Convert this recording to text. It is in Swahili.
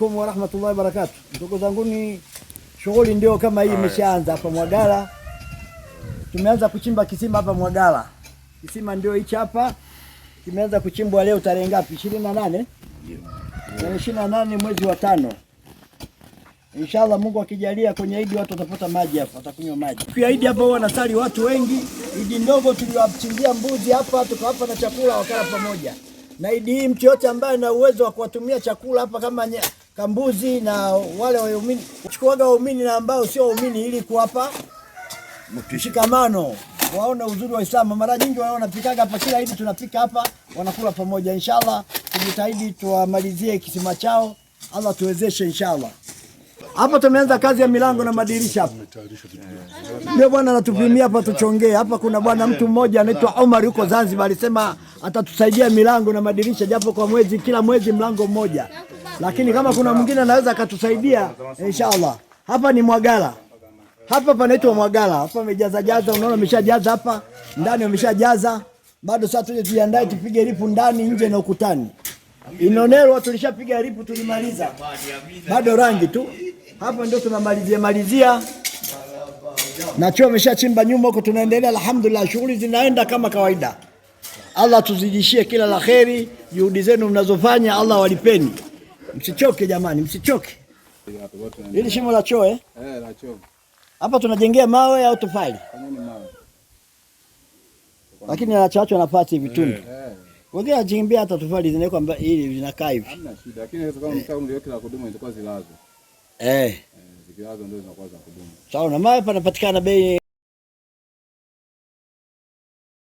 alaikum warahmatullahi wabarakatu. Ndugu zangu, ni shughuli ndio kama hii imeshaanza hapa Mwagala. Tumeanza kuchimba kisima hapa Mwagala, kisima ndio hichi hapa, kimeanza kuchimbwa leo tarehe ngapi? ishirini na nane tarehe ishirini na nane mwezi wa tano. Inshallah, Mungu akijalia, kwenye Idi watu watapata maji hapa, watakunywa maji. Siku ya Idi hapa huwa wanasali watu wengi. Idi ndogo tuliwachinjia mbuzi hapa, tukawapa na chakula wakala pamoja na Idi hii, mtu yote ambaye ana uwezo wa kuwatumia chakula hapa kama nyama Kambuzi na wale waumini, chukuaga waumini na ambao sio waumini ili kuwapa mshikamano, waone uzuri wa Islamu. Mara nyingi wanapikaga hapa, kila hivi tunapika hapa, wanakula pamoja. Inshallah tujitahidi tuwamalizie kisima chao, Allah tuwezeshe inshallah. Hapa tumeanza kazi ya milango na madirisha hapa. Ndio bwana anatupimia hapa tuchongee. Hapa kuna bwana mtu mmoja anaitwa Omar yuko Zanzibar alisema atatusaidia milango na madirisha japo kwa mwezi kila mwezi mlango mmoja lakini kama kuna mwingine anaweza akatusaidia inshallah. Hapa ni Mwagala, hapa panaitwa Mwagala. Hapa amejaza jaza, unaona ameshajaza hapa ndani, ameshajaza bado. Sasa tuje tujiandae, tupige ripu ndani, nje na ukutani. Inonerwa tulishapiga ripu, tulimaliza, bado rangi tu. Hapa ndio tunamalizia malizia na chuo ameshachimba nyumba huko, tunaendelea. Alhamdulillah, shughuli zinaenda kama kawaida. Allah tuzidishie kila la kheri, juhudi zenu mnazofanya Allah walipeni. Msichoke jamani, msichoke. Hili shimo la choo eh? eh la choo. Hapa tunajengea mawe au tofali? Lakini anachaachwa nafasi hivi tundu. Eh, eh. Wengine anachimbia hata tofali zinawekwa mbali ili zinakaa hivi. Hamna shida. Lakini kama mtaa mliweke la kudumu itakuwa zilazo. Eh. Zikilazo ndio zinakuwa za kudumu. Sawa, na mawe panapatikana bei